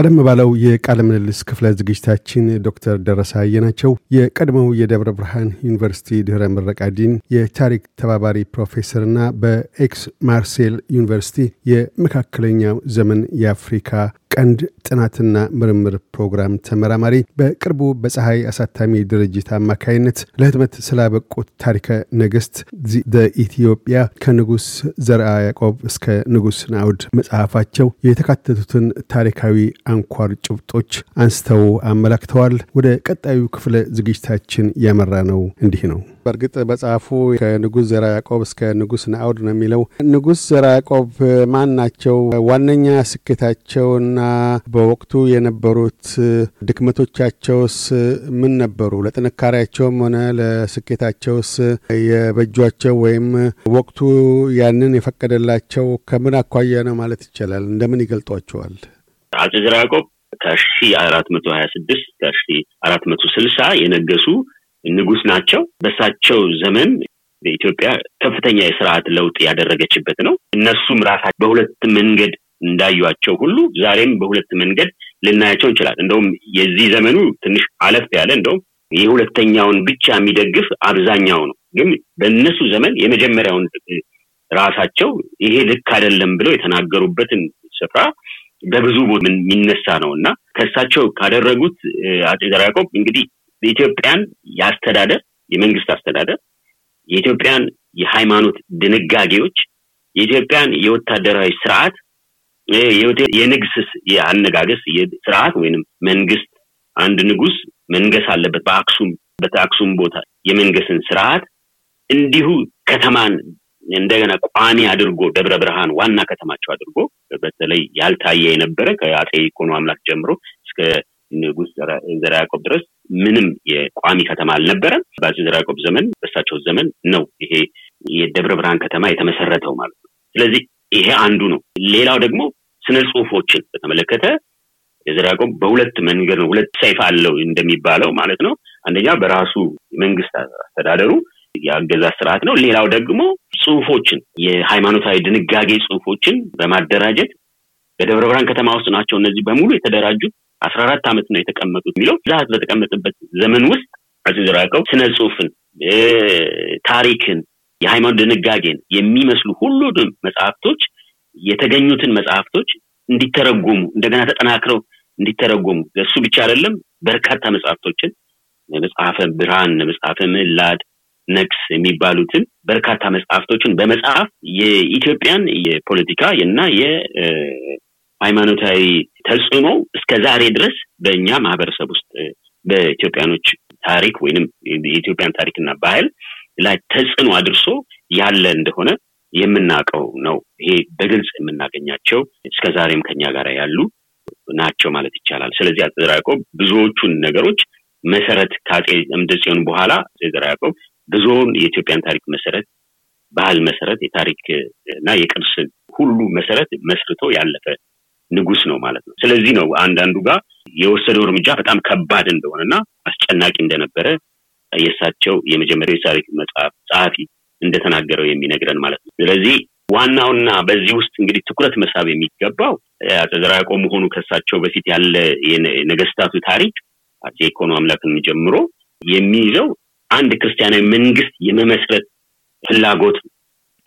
ቀደም ባለው የቃለ ምልልስ ክፍለ ዝግጅታችን ዶክተር ደረሳ ናቸው። የቀድሞው የደብረ ብርሃን ዩኒቨርሲቲ ድኅረ ምረቃ ዲን፣ የታሪክ ተባባሪ ፕሮፌሰርና በኤክስ ማርሴል ዩኒቨርሲቲ የመካከለኛው ዘመን የአፍሪካ ቀንድ ጥናትና ምርምር ፕሮግራም ተመራማሪ በቅርቡ በፀሐይ አሳታሚ ድርጅት አማካይነት ለህትመት ስላበቁት ታሪከ ነገስት ዘኢትዮጵያ ከንጉሥ ዘርአ ያዕቆብ እስከ ንጉሥ ናውድ መጽሐፋቸው የተካተቱትን ታሪካዊ አንኳር ጭብጦች አንስተው አመላክተዋል። ወደ ቀጣዩ ክፍለ ዝግጅታችን ያመራ ነው እንዲህ ነው። በእርግጥ መጽሐፉ ከንጉሥ ዘራ ያዕቆብ እስከ ንጉሥ ነአውድ ነው የሚለው። ንጉሥ ዘራ ያዕቆብ ማን ናቸው? ዋነኛ ስኬታቸውና በወቅቱ የነበሩት ድክመቶቻቸውስ ምን ነበሩ? ለጥንካሬያቸውም ሆነ ለስኬታቸውስ የበጇቸው ወይም ወቅቱ ያንን የፈቀደላቸው ከምን አኳያ ነው ማለት ይቻላል? እንደምን ይገልጧቸዋል? አጼ ዘርዓ ያዕቆብ ከሺ አራት መቶ ሀያ ስድስት ከሺ አራት መቶ ስልሳ የነገሱ ንጉስ ናቸው። በሳቸው ዘመን በኢትዮጵያ ከፍተኛ የስርዓት ለውጥ ያደረገችበት ነው። እነሱም ራሳ በሁለት መንገድ እንዳዩቸው ሁሉ ዛሬም በሁለት መንገድ ልናያቸው እንችላል እንደውም የዚህ ዘመኑ ትንሽ አለፍ ያለ እንደውም የሁለተኛውን ብቻ የሚደግፍ አብዛኛው ነው። ግን በእነሱ ዘመን የመጀመሪያውን ራሳቸው ይሄ ልክ አይደለም ብለው የተናገሩበትን ስፍራ በብዙ የሚነሳ ነው እና ከእሳቸው ካደረጉት አጼ ዘርዓ እንግዲህ የኢትዮጵያን የአስተዳደር የመንግስት አስተዳደር የኢትዮጵያን የሃይማኖት ድንጋጌዎች የኢትዮጵያን የወታደራዊ ስርዓት የንግስ የአነጋገስ ስርዓት ወይንም መንግስት አንድ ንጉስ መንገስ አለበት በአክሱም በአክሱም ቦታ የመንገስን ስርዓት እንዲሁ ከተማን እንደገና ቋሚ አድርጎ ደብረ ብርሃን ዋና ከተማቸው አድርጎ በተለይ ያልታየ የነበረ ከአጼ ኢኮኖ አምላክ ጀምሮ እስከ ንጉስ ዘራ ያቆብ ድረስ ምንም የቋሚ ከተማ አልነበረም። በአጼ ዘራ ያቆብ ዘመን በሳቸው ዘመን ነው ይሄ የደብረ ብርሃን ከተማ የተመሰረተው ማለት ነው። ስለዚህ ይሄ አንዱ ነው። ሌላው ደግሞ ስነ ጽሁፎችን በተመለከተ የዘራ ያቆብ በሁለት መንገድ ነው ሁለት ሰይፍ አለው እንደሚባለው ማለት ነው። አንደኛ በራሱ መንግስት አስተዳደሩ የአገዛዝ ስርዓት ነው። ሌላው ደግሞ ጽሁፎችን የሃይማኖታዊ ድንጋጌ ጽሁፎችን በማደራጀት በደብረ ብርሃን ከተማ ውስጥ ናቸው እነዚህ በሙሉ የተደራጁት። አስራ አራት ዓመት ነው የተቀመጡት የሚለው እዛ በተቀመጠበት ዘመን ውስጥ አቶ ዘራቀው ስነ ጽሁፍን፣ ታሪክን፣ የሃይማኖት ድንጋጌን የሚመስሉ ሁሉንም መጽሐፍቶች የተገኙትን መጽሐፍቶች እንዲተረጎሙ እንደገና ተጠናክረው እንዲተረጎሙ እሱ ብቻ አይደለም በርካታ መጽሐፍቶችን መጽሐፈ ብርሃን፣ መጽሐፈ ምላድ ነቅስ የሚባሉትን በርካታ መጽሐፍቶችን በመጽሐፍ የኢትዮጵያን የፖለቲካ እና የሃይማኖታዊ ተጽዕኖ እስከ ዛሬ ድረስ በእኛ ማህበረሰብ ውስጥ በኢትዮጵያኖች ታሪክ ወይንም የኢትዮጵያን ታሪክና ባህል ላይ ተጽዕኖ አድርሶ ያለ እንደሆነ የምናውቀው ነው። ይሄ በግልጽ የምናገኛቸው እስከ ዛሬም ከኛ ጋር ያሉ ናቸው ማለት ይቻላል። ስለዚህ አፄ ብዙዎቹን ነገሮች መሰረት ከአፄ አምደ በኋላ አፄ ብዙውን የኢትዮጵያን ታሪክ መሰረት፣ ባህል መሰረት፣ የታሪክ እና የቅርስ ሁሉ መሰረት መስርቶ ያለፈ ንጉስ ነው ማለት ነው። ስለዚህ ነው አንዳንዱ ጋር የወሰደው እርምጃ በጣም ከባድ እንደሆነ እንደሆነና አስጨናቂ እንደነበረ የእሳቸው የመጀመሪያው የታሪክ መጽሐፍ ጸሐፊ እንደተናገረው የሚነግረን ማለት ነው። ስለዚህ ዋናውና በዚህ ውስጥ እንግዲህ ትኩረት መሳብ የሚገባው አፄ መሆኑ ከእሳቸው በፊት ያለ የነገስታቱ ታሪክ አጼ ይኩኖ አምላክንም ጀምሮ የሚይዘው አንድ ክርስቲያናዊ መንግስት የመመስረት ፍላጎት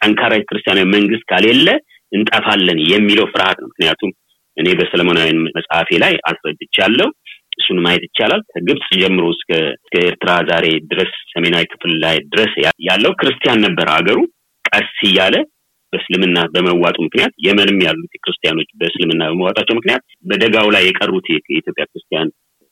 ጠንካራ ክርስቲያናዊ መንግስት ካሌለ እንጠፋለን የሚለው ፍርሃት ነው። ምክንያቱም እኔ በሰለሞናዊ መጽሐፌ ላይ አስረድቻለሁ። እሱን ማየት ይቻላል። ከግብፅ ጀምሮ እስከ ኤርትራ ዛሬ ድረስ ሰሜናዊ ክፍል ላይ ድረስ ያለው ክርስቲያን ነበር ሀገሩ። ቀስ እያለ በእስልምና በመዋጡ ምክንያት የመንም ያሉት ክርስቲያኖች በእስልምና በመዋጣቸው ምክንያት በደጋው ላይ የቀሩት የኢትዮጵያ ክርስቲያን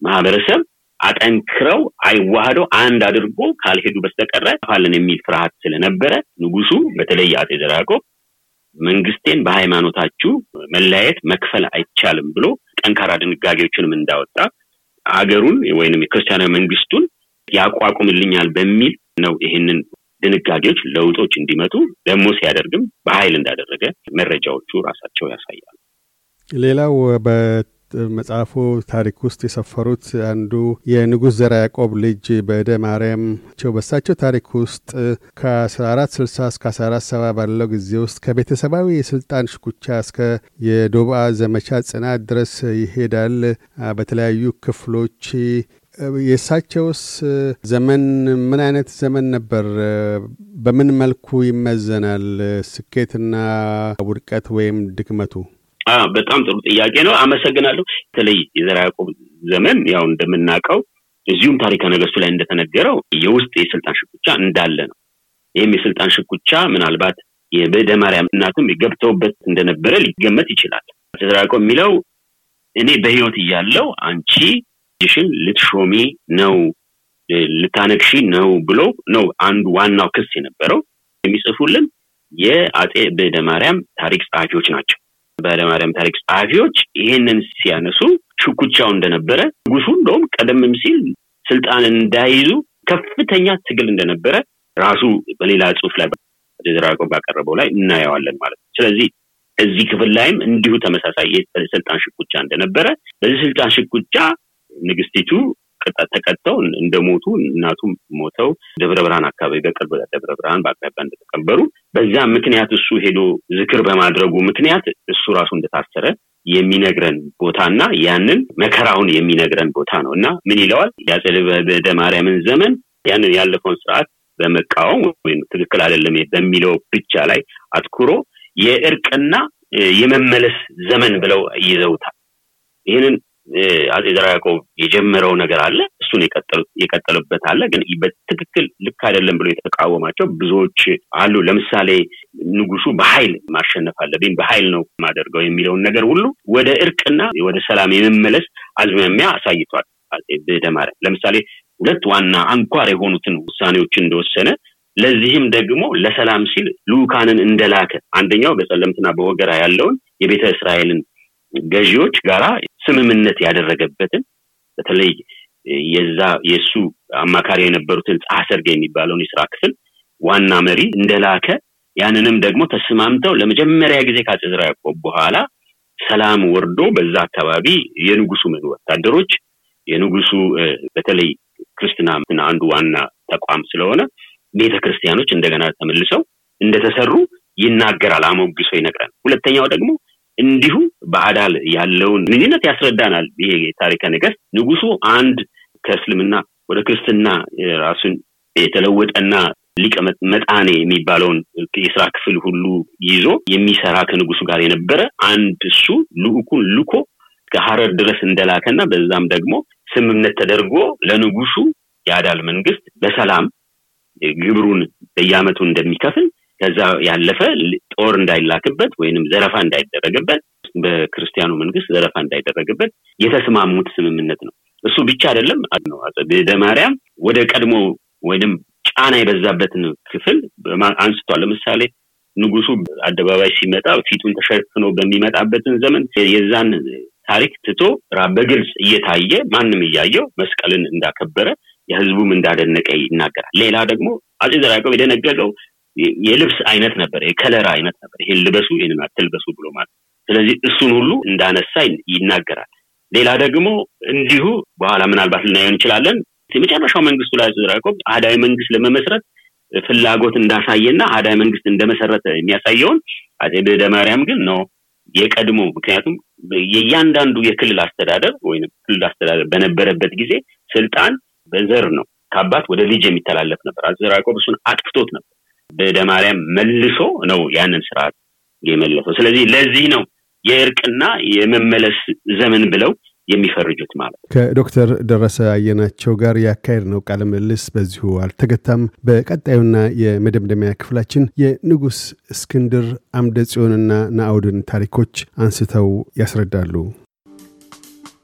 ማህበረሰብ አጠንክረው አይዋህደው አንድ አድርጎ ካልሄዱ በስተቀረ ፋለን የሚል ፍርሃት ስለነበረ ንጉሱ በተለይ አጤ ዘርዓያዕቆብ መንግስቴን በሃይማኖታችሁ መለያየት መክፈል አይቻልም ብሎ ጠንካራ ድንጋጌዎችንም እንዳወጣ አገሩን ወይንም የክርስቲያናዊ መንግስቱን ያቋቁምልኛል በሚል ነው ይህንን ድንጋጌዎች ለውጦች እንዲመጡ ደግሞ ሲያደርግም በኃይል እንዳደረገ መረጃዎቹ ራሳቸው ያሳያሉ። ሌላው መጽሐፉ ታሪክ ውስጥ የሰፈሩት አንዱ የንጉሥ ዘራ ያዕቆብ ልጅ በእደ ማርያም ቸው በሳቸው ታሪክ ውስጥ ከ1460 እስከ 1470 ባለው ጊዜ ውስጥ ከቤተሰባዊ የስልጣን ሽኩቻ እስከ የዶብአ ዘመቻ ጽናት ድረስ ይሄዳል። በተለያዩ ክፍሎች የእሳቸውስ ዘመን ምን አይነት ዘመን ነበር? በምን መልኩ ይመዘናል? ስኬትና ውድቀት ወይም ድክመቱ በጣም ጥሩ ጥያቄ ነው። አመሰግናለሁ። በተለይ የዘራ ያቆብ ዘመን ያው እንደምናውቀው እዚሁም ታሪከ ነገስቱ ላይ እንደተነገረው የውስጥ የስልጣን ሽኩቻ እንዳለ ነው። ይህም የስልጣን ሽኩቻ ምናልባት የበደ ማርያም እናትም ገብተውበት እንደነበረ ሊገመት ይችላል። ዘርዓ የሚለው እኔ በህይወት እያለው አንቺ ሽን ልትሾሚ ነው ልታነግሺ ነው ብሎ ነው አንዱ ዋናው ክስ የነበረው። የሚጽፉልን የአጼ በደ ማርያም ታሪክ ጸሐፊዎች ናቸው። በኃይለማርያም ታሪክ ጸሐፊዎች ይህንን ሲያነሱ ሽኩቻው እንደነበረ ንጉሱ እንደውም ቀደምም ሲል ስልጣን እንዳይዙ ከፍተኛ ትግል እንደነበረ ራሱ በሌላ ጽሁፍ ላይ ዘራ ባቀረበው ላይ እናየዋለን ማለት ነው። ስለዚህ እዚህ ክፍል ላይም እንዲሁ ተመሳሳይ ስልጣን ሽኩቻ እንደነበረ በዚህ ስልጣን ሽኩቻ ንግስቲቱ ተቀጥተው እንደሞቱ እናቱም ሞተው ደብረ ብርሃን አካባቢ በቅርብ ደብረ ብርሃን በአቅራቢያ እንደተቀበሩ በዛ ምክንያት እሱ ሄዶ ዝክር በማድረጉ ምክንያት እሱ ራሱ እንደታሰረ የሚነግረን ቦታ እና ያንን መከራውን የሚነግረን ቦታ ነው እና ምን ይለዋል የአፄ በደ ማርያምን ዘመን ያንን ያለፈውን ስርዓት በመቃወም ወይም ትክክል አይደለም በሚለው ብቻ ላይ አትኩሮ የእርቅና የመመለስ ዘመን ብለው ይዘውታል። ይህንን አጼ ዘርዓ የጀመረው ነገር አለ እሱን የቀጠሉበት አለ ግን በትክክል ልክ አይደለም ብሎ የተቃወማቸው ብዙዎች አሉ ለምሳሌ ንጉሱ በኃይል ማሸነፍ አለብኝ በሀይል ነው ማደርገው የሚለውን ነገር ሁሉ ወደ እርቅና ወደ ሰላም የመመለስ አዝማሚያ አሳይቷል ብዕደ ለምሳሌ ሁለት ዋና አንኳር የሆኑትን ውሳኔዎች እንደወሰነ ለዚህም ደግሞ ለሰላም ሲል ልዑካንን እንደላከ አንደኛው በጸለምትና በወገራ ያለውን የቤተ እስራኤልን ገዢዎች ጋራ ስምምነት ያደረገበትን በተለይ የዛ የእሱ አማካሪ የነበሩትን ጸሐሰርገ የሚባለውን የስራ ክፍል ዋና መሪ እንደላከ ያንንም ደግሞ ተስማምተው ለመጀመሪያ ጊዜ ከአጼ ዘርዓ በኋላ ሰላም ወርዶ በዛ አካባቢ የንጉሱ ምን ወታደሮች የንጉሱ በተለይ ክርስትና አንዱ ዋና ተቋም ስለሆነ ቤተ ክርስቲያኖች እንደገና ተመልሰው እንደተሰሩ ይናገራል፣ አሞግሶ ይነግራል። ሁለተኛው ደግሞ እንዲሁ በአዳል ያለውን ግንኙነት ያስረዳናል። ይሄ ታሪከ ነገስት ንጉሱ አንድ ከእስልምና ወደ ክርስትና ራሱን የተለወጠና ሊቀ መጣኔ የሚባለውን የስራ ክፍል ሁሉ ይዞ የሚሰራ ከንጉሱ ጋር የነበረ አንድ እሱ ልኡኩን ልኮ ከሀረር ድረስ እንደላከና በዛም ደግሞ ስምምነት ተደርጎ ለንጉሱ የአዳል መንግስት በሰላም ግብሩን በየአመቱ እንደሚከፍል ከዛ ያለፈ ጦር እንዳይላክበት ወይንም ዘረፋ እንዳይደረግበት በክርስቲያኑ መንግስት ዘረፋ እንዳይደረግበት የተስማሙት ስምምነት ነው። እሱ ብቻ አይደለም ነው ማርያም ወደ ቀድሞ ወይንም ጫና የበዛበትን ክፍል አንስቷል። ለምሳሌ ንጉሱ አደባባይ ሲመጣ ፊቱን ተሸፍኖ በሚመጣበትን ዘመን የዛን ታሪክ ትቶ በግልጽ እየታየ ማንም እያየው መስቀልን እንዳከበረ የህዝቡም እንዳደነቀ ይናገራል። ሌላ ደግሞ አጼ ዘራቀው የደነገገው የልብስ አይነት ነበር፣ የከለር አይነት ነበር። ይሄን ልበሱ፣ ይህንን አትልበሱ ብሎ ማለት ስለዚህ እሱን ሁሉ እንዳነሳ ይናገራል። ሌላ ደግሞ እንዲሁ በኋላ ምናልባት ልናየው እንችላለን። የመጨረሻው መንግስቱ ላይ ያዕቆብ አህዳዊ መንግስት ለመመስረት ፍላጎት እንዳሳየና አህዳዊ መንግስት እንደመሰረተ የሚያሳየውን አጼ ብዕደ ማርያም ግን ነው የቀድሞ ምክንያቱም የእያንዳንዱ የክልል አስተዳደር ወይም ክልል አስተዳደር በነበረበት ጊዜ ስልጣን በዘር ነው ከአባት ወደ ልጅ የሚተላለፍ ነበር። አጼ ያዕቆብ እሱን አጥፍቶት ነበር። ማርያም መልሶ ነው ያንን ስርዓት የመለሰው። ስለዚህ ለዚህ ነው የእርቅና የመመለስ ዘመን ብለው የሚፈርጁት ማለት ከዶክተር ደረሰ አየናቸው ጋር ያካሄድ ነው ቃለ ምልልስ በዚሁ አልተገታም። በቀጣዩና የመደምደሚያ ክፍላችን የንጉሥ እስክንድር አምደ ጽዮንና ናአውድን ታሪኮች አንስተው ያስረዳሉ።